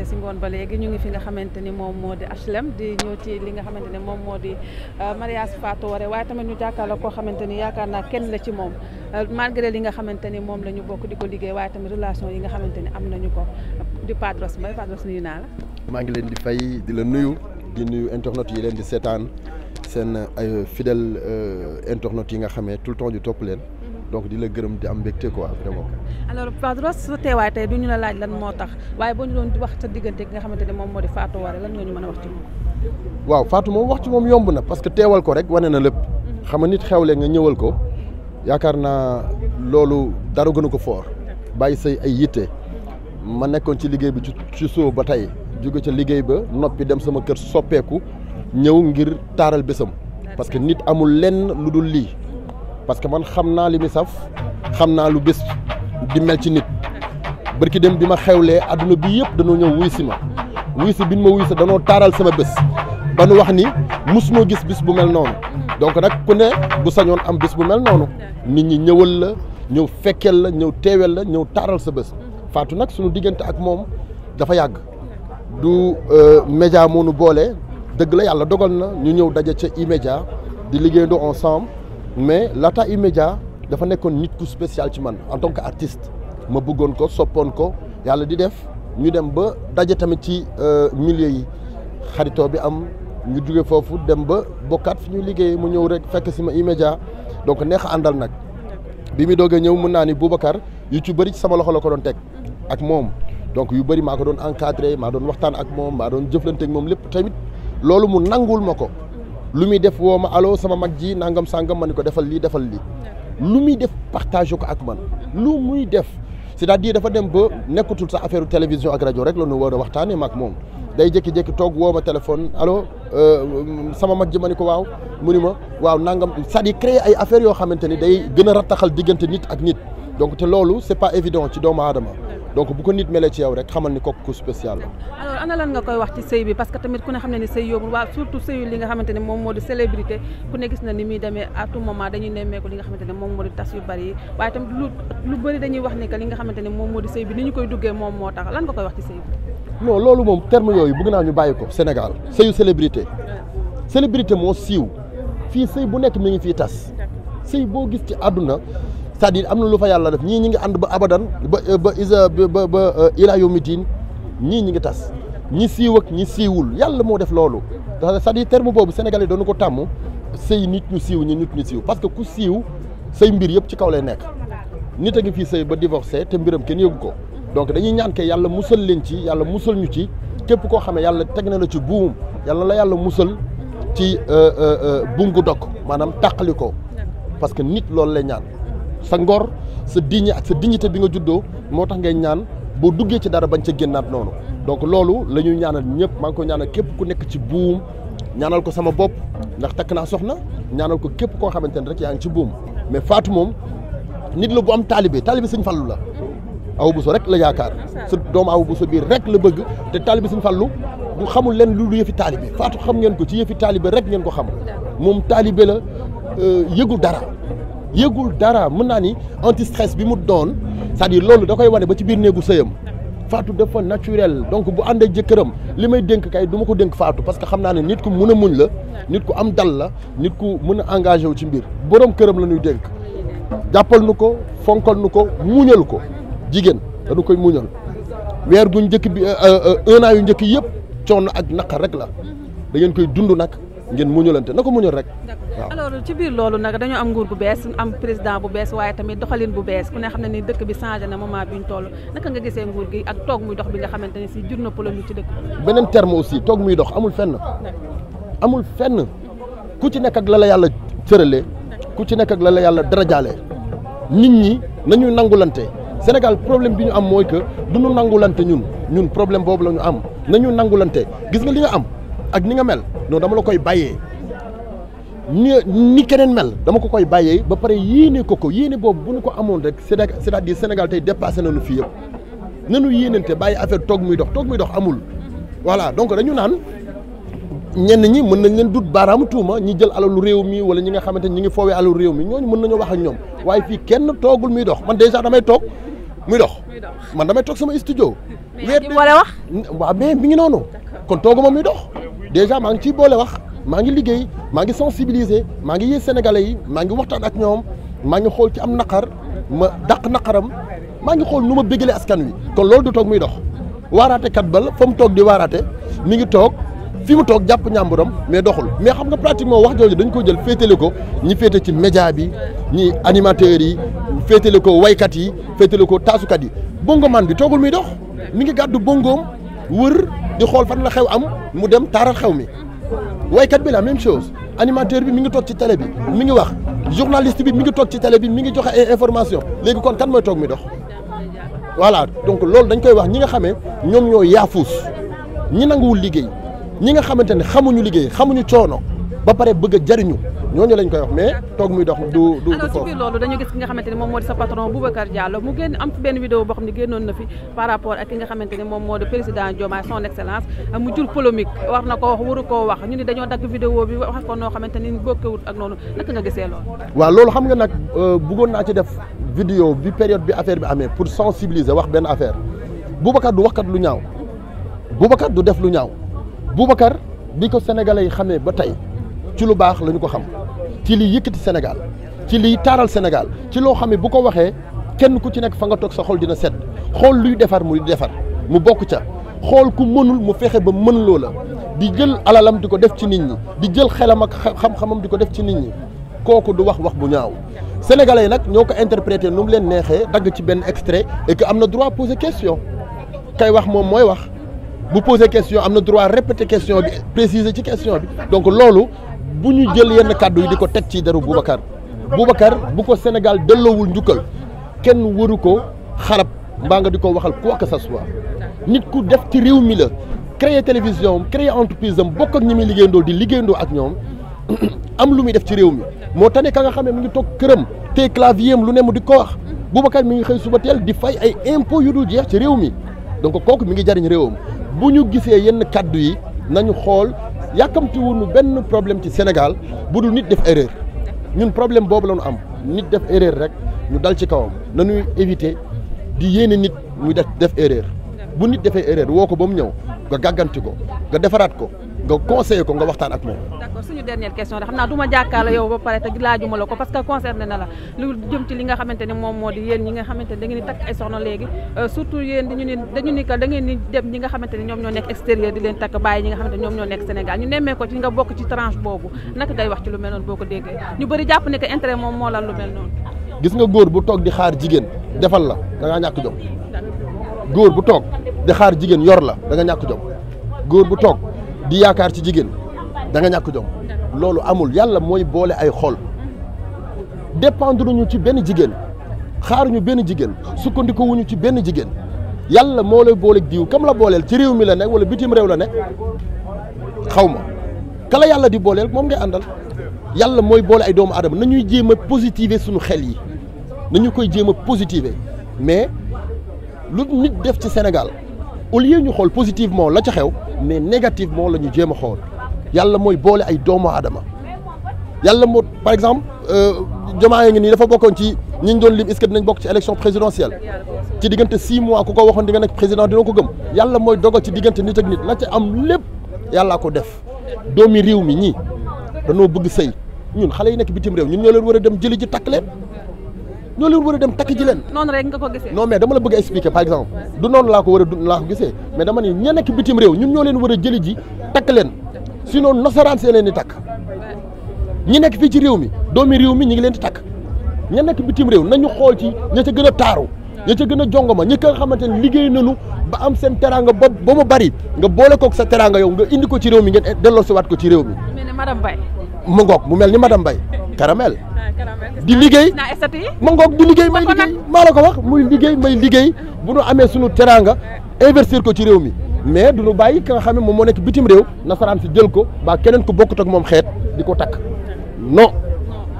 si ngoon ba léegi ñu ngi fi nga xamante ni moom moo di HLM di ñëw ci li nga xamante ni moom moo di euh, mariage Fatou Waré waaye tamit ñu jàkkaarloo koo xamante ni yaakaar naa kenn la ci moom euh, malgré li nga xamante ni moom la bokk di ko liggéey waaye tamit relation yi nga xamante ni am nañu ko di Padros Mbaye Padros nuyu naa la maa ngi leen di fay di la nuyu di nuyu internet yi leen di seetaan seen ay fidèle euh, internet yi nga xamee tout le temps ñu topp leen donc di la gërëm di am mbégte quoi vraiment. alors Padros sa teewaay tey du ñu la laaj lan moo tax waaye boo ñu doon wax sa diggante ki nga xamante ne moom moo di Fatou Waré lan nga ñu mën a wax ci moom. waaw faatu moom wax ci moom yomb na parce que teewal ko rek wane na lépp. Mhm. xam nga nit xewle nga ñëwal ko yaakaar naa loolu dara gënu ko foor bàyyi say ay yitte ma nekkoon ci liggéey bi ci ci suuf ba tey jóge ca liggéey ba noppi dem sama kër soppeeku ñëw ngir taaral bésam parce que nit amul lenn lu dul lii. parce que man xam naa li mi saf xam naa lu bés di mel ci nit bërki dem bi ma xewlee àdduna bi yëpp dañoo ñëw wuy ma wuy si bin ma wuy si danoo taaral sama bés ba nu wax ni musunoo gis bis bu mel noonu donc nag ku ne bu sañoon am bis bu mel noonu nit ñi ñëwal la ñëw fekkeel la ñëw teewel la ñëw taaral sa bés faatu nag suñu diggante ak moom dafa yàgg du euh, média moo nu boole dëgg la yàlla dogal na ñu ñëw daje ca E-Media di liggéeyandoo ensemble mais Lata Emedia dafa nekkoon nit ku spécial ci man en tant que artiste ma buggoon ko soppoon ko yàlla di def ñu dem ba daje tamit ci euh, millier yi xaritoo bi am ñu jóge foofu dem ba bokkaat fu ñuy liggéeyee mu ñëw rek fekk si ma Emedia donc neex a àndal nag bi mu dogee ñëw mën naa ni Boubacar yu ci bëri ci sama loxo la ko doon teg ak moom donc yu bëri maa ko doon encadré maa doon waxtaan ak moom maa doon jëflante moom lépp tamit loolu mu nangul ma ko lu muy def woo ma allo sama mag ji nangam sangam ma ni ko defal lii defal lii lu muy def partage ko ak man lu muy def cest à dafa dem ba nekkatul sa affaire télévision ak rajo rek la ñu war a waxtaanee maag moom day jékki-jékki toog woo ma téléphone allo euh, sama mag ji ma ni ko waaw mu ni ma waaw nangam c'est-à-dire créer ay affaires yoo xamante ni day gën a rattaxal diggante nit ak nit donc te loolu c'est pas évident ci doomu aadama donc bu ko nit melee ci yow rek xamal ni kooku ku spécial la. ana lan nga koy wax ci sëy bi parce que tamit ku ne xam ni sëy yombul waa surtout sëyu li moo di célébrité ku ne gis na ni muy demee à tout moment dañuy nemmeeku li nga xamante wax ni que li nga xamante ne moom moo di sëy bi ni ñu koy duggee moom moo tax lan nga koy wax ci sëy bi. non loolu moom terme yooyu bëgg naa ñu bàyyi ko Sénégal sëyu célébrité. célébrité moo siiw fii sëy bu nekk mi ngi fii tas sëy boo gis ci àdduna cest am na lu fa yàlla def ñii ñi ngi ànd ba abadan ba ba isa ba ba euh, ila yawmiddin ñii ñi ngi tas ñi siiw ak ñi siiwul yàlla moo def loolu c'est-à-dire terme boobu sénégalais doonu ko tàmm sëy nit ñu siiw ñu nit ñu siiw parce que ku siiw say mbir yëpp ci kaw lay nekk nit a ngi fii sëy ba divorcé te mbiram kenn yëgu ko donc dañuy ñaan ke yàlla musal leen ci yàlla musal ñu ci képp koo xamee yàlla teg na ci buum yàlla la yàlla musal ci euh, euh, bungu dok maanaam tàqali ko parce que nit loolu lay ñaan sa ngor sa digne ak sa dignité bi nga juddoo moo tax ngay ñaan boo duggee ci dara bañ ca génnaat noonu donc loolu la ñuy ñaanal ñëpp maa ngi ko ñaanal képp ku nekk ci buum ñaanal ko sama bopp ndax takk naa soxna ñaanal ko képp koo xamante ne rek yaa ngi ci buum mais faatu moom nit la bu am taalibe taalibe sëñ Fallu la aw bu so rek la yaakaar sa doom aw bu so bii rek la bëgg te taalibe sëñ Fallu du xamul leen lu lu yëfi taalibe faatu xam ngeen ko ci yëfi taalibe rek ngeen ko xam moom taalibe la euh, yëgul dara yëgul dara mun naa ni anti stress bi mu doon cest à loolu da koy wane ba ci biir néegu sëyam Fatou dafa naturel donc bu ànd ak jëkkëram li may dénk kay du ma ko dénk Fatou parce que xam naa ne nit ku mun a muñ la nit ku am dal la nit ku mën a engagé wu ci mbir boroom këram la ñuy dénk jàppal nu ko fonkal nu ko muñal ko jigéen dañu koy muñal weer gu njëkk bi euh, euh, un an yu njëkk yëpp coono ak naqar rek la da ngeen koy dund nag ngeen muñulante na ko muñul rek. waaw ci biir loolu nag dañoo am nguur gu bees am président bu bees waaye tamit doxalin bu bees ku ne xam ne ni dëkk bi changé na moment bi ñu toll naka nga gisee nguur gi ak toog muy dox bi nga xamante ne si jur na polémique ci dëkk beneen terme aussi toog muy dox amul fenn. amul fenn ku ci nekk la la yàlla cëralee ku ci nekk la la yàlla darajaalee nit ñi nañu nangulante Sénégal problème bi ñu am mooy que du ñu nangulante ñun ñun problème boobu la ñu am nañu nangulante gis nga li ñu am. ak ni nga mel non dama la koy bàyyee ni keneen mel dama ko koy bàyyee ba pare yéene ko ko yéene boobu bu ñu ko amoon rek c'est-à-dire Sénégal tey dépassé nañu fii yëpp nañu yéenante bàyyi affaire toog muy dox toog muy dox amul. voilà donc dañu naan ñenn ñi mën nañ leen dut baaraamu tuuma ñi jël alalu réew mi wala ñi nga xamante ñi ngi foowee alalu réew mi ñooñu mën nañoo wax ak ñoom waaye fii kenn toogul muy dox man déjà damay toog. muy dox man damay toog sama studio. weer bi ma la wax. waaw mais mi ngi noonu. kon tooguma muy dox. déjà maa ngi ciy boole wax maa ngi liggéey maa ngi sensibiliser maa ngi yee sénégalais yi maa ngi waxtaan ak ñoom maa ngi xool ci am naqar ma dàq naqaram maa ngi xool nu ma bégalee askan wi kon loolu du toog muy dox waaraate kat bal fa mu toog di waaraate mi ngi toog fi mu toog jàpp ñàmburam mais doxul mais xam nga pratiquement wax jooju dañ ko jël féetale ko ñi féete ci média bi ñi animateurs yi féetale ko waykat yi féetale ko taasukat yi bongomaan bi toogul muy dox mi ngi gàddu bongoom wër di xool fan la xew am mu dem taaral xew mi waykat bi la même chose animateur bi mi ngi toog ci tale bi mi ngi wax journaliste bi mi ngi toog ci télé bi mi ngi joxe ay information léegi kon kan mooy toog mi dox voilà donc loolu dañ koy wax ñi nga xamee ñoom ñoo yaafuus ñi nanguwul liggéey ñi nga xamante ne xamuñu liggéey xamuñu coono ba pare bëgg jariñu ñooñu lañ koy wax mais toog muy dox du du du alors loolu dañu gis ki nga xamante ne moom moo di sa patron Boubacar Diallo mu génn am fi benn vidéo boo xam ne génnoon na fi par nga ne moom moo di président Diomaye son excellence ko wax dañoo dagg vidéo bi wax ko ni bokkewut ak noonu naka nga gisee loolu waaw xam nga nag euh, bëggoon naa ci def vidéo bi période bi affaire bi amee pour sensibiliser wax benn affaire Boubacar du kat lu ñaaw Boubacar du def lu ñaaw Boubacar bi ko sénégalais yi xamee ba tey ci lu baax la ñu ko xam ci lii yëkkati Sénégal ci liy taaral Sénégal ci loo xam ne bu ko waxee kenn ku ci nekk fa nga toog sa xol dina set xool luy defar muy defar mu bokk ca xool ku mënul mu fexe ba mën loo la di jël alalam di ko def ci nit ñi di jël xelam ak xam-xamam di ko def ci nit ñi kooku du wax wax bu ñaaw sénégalais nag ñoo ko interpreter nu mu leen neexee dagg ci benn extrait et que am na droit poser question kay wax moom mooy wax bu poser question am na droit répéter question bi préciser ci question bi donc loolu bu ñu jël yenn kàddu yi di ko teg ci deru Boubacar Boubacar bu ko Sénégal delloowul njukkal kenn waru ko xarab mbaa nga di ko waxal quoi que ça nit ku def ci réew mi la créer télévision am créer entreprise bokk ak ñi muy liggéeyandoo di liggéeyandoo ak ñoom am lu muy def ci réew mi moo tax ne ka nga xam ne mu ngi toog këram te clavier am lu ne mu di ko wax Boubacar mi ngi xëy suba teel di fay ay impôts yu dul jeex ci réew mi donc kooku mi ngi jariñ réewam bu ñu gisee yenn kàddu yi nañu xool. yàkkamti nu benn problème ci Sénégal bu dul nit def erreur ñun problème boobu la ñu am nit def erreur rek ñu dal ci kawam nañuy éviter di yéene nit mu def def erreur bu nit defee erreur woo ko ba mu ñëw nga gàgganti ko nga defaraat ko nga conseiller ko nga waxtaan ak moom. d'accord suñu dernière question de xam naa du ma jàkkaarloo yow ba pare te laajuma la ko parce que concerné na la lu jëm ci li nga xamante ne moom moo di yéen ñi nga xamante ne da ngeen di takk ay soxna léegi euh, surtout yéen dañu ni dañu ni que dem ñi nga xamante ne ñoom ñoo nekk extérieur di leen takk bàyyi ñi nga xamante ne ñoom ñoo nekk Sénégal ñu nemmee ko ci nga bokk ci tranche boobu naka ngay wax ci lu mel noonu boo bu toog di xaar jigéen defal la da nga góor bu toog di jigéen yor la da nga ñàkk jom góor bu toog di yaakaar ci jigéen da nga ñàkk jom loolu amul yàlla mooy boole ay xol dépendre ñu ci benn jigéen xaaruñu benn jigéen sukkandiku wuñu ci benn jigéen yàlla moo lay booleeg diw kam la booleel ci réew mi la nekk wala bitim réew la nekk xaw ma kala yàlla di booleel moom ngay àndal yàlla mooy boole ay doomu aadama nañuy jéem a positiver suñu xel yi nañu koy jéem a positiver mais lu nit def ci Sénégal au lieu ñu xool positivement la ca xew. mais négativement la ñu jéem a xool yàlla mooy boole ay doomu aadama yàlla moo par exemple euh, Diomaye ngi nii dafa bokkoon ci ñi ñu doon lim est-ce que dinañ bokk ci élection présidentielle ci diggante six mois ku ko waxoon di nga nekk président dina ko gëm yàlla mooy dogal ci diggante nit ak nit la ci am lépp yàllaa ko def doomi réew mi ñii danoo bëgg sëy ñun xale yi nekk bitim réew ñun ñoo leen war a dem jëli ji takk leen ñoo leen war a dem takk ji leen. noonu non mais dama la bëgg a expliquer par exemple. du noonu laa ko war a du laa ko gisee mais dama ni ña nekk bitim réew ñun ñoo leen war a jëli ji takk leen si sinon nasaraan see leen di takk ñi nekk fii ci réew mi doomi réew mi ñu ngi leen di takk ña nekk bitim réew nañu xool ci ña ca gën a taaru. ña ca gën a jongoma ñi nga xamante ne liggéey nañu ba am seen teraanga ba ba mu bari nga boole kook sa teraanga yow nga indi ko ci réew mi ngeen delloo si waat ko ci réew mi. mu mel ni madame Mbaye. mu mu mel ni madame Mbaye caramel ah, di liggéey ma ngoog di liggéey may liggéey maa la ko wax muy liggéey may liggéey bu nu amee sunu teraanga eh. investir ko ci réew mi mais du nu bàyyi ka nga xam ne moom moo nekk bitim réew nasaraan si jël ko baa keneen ku bokkut ak moom xeet di ko takk non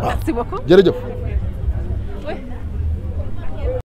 waaw ah. jërëjëf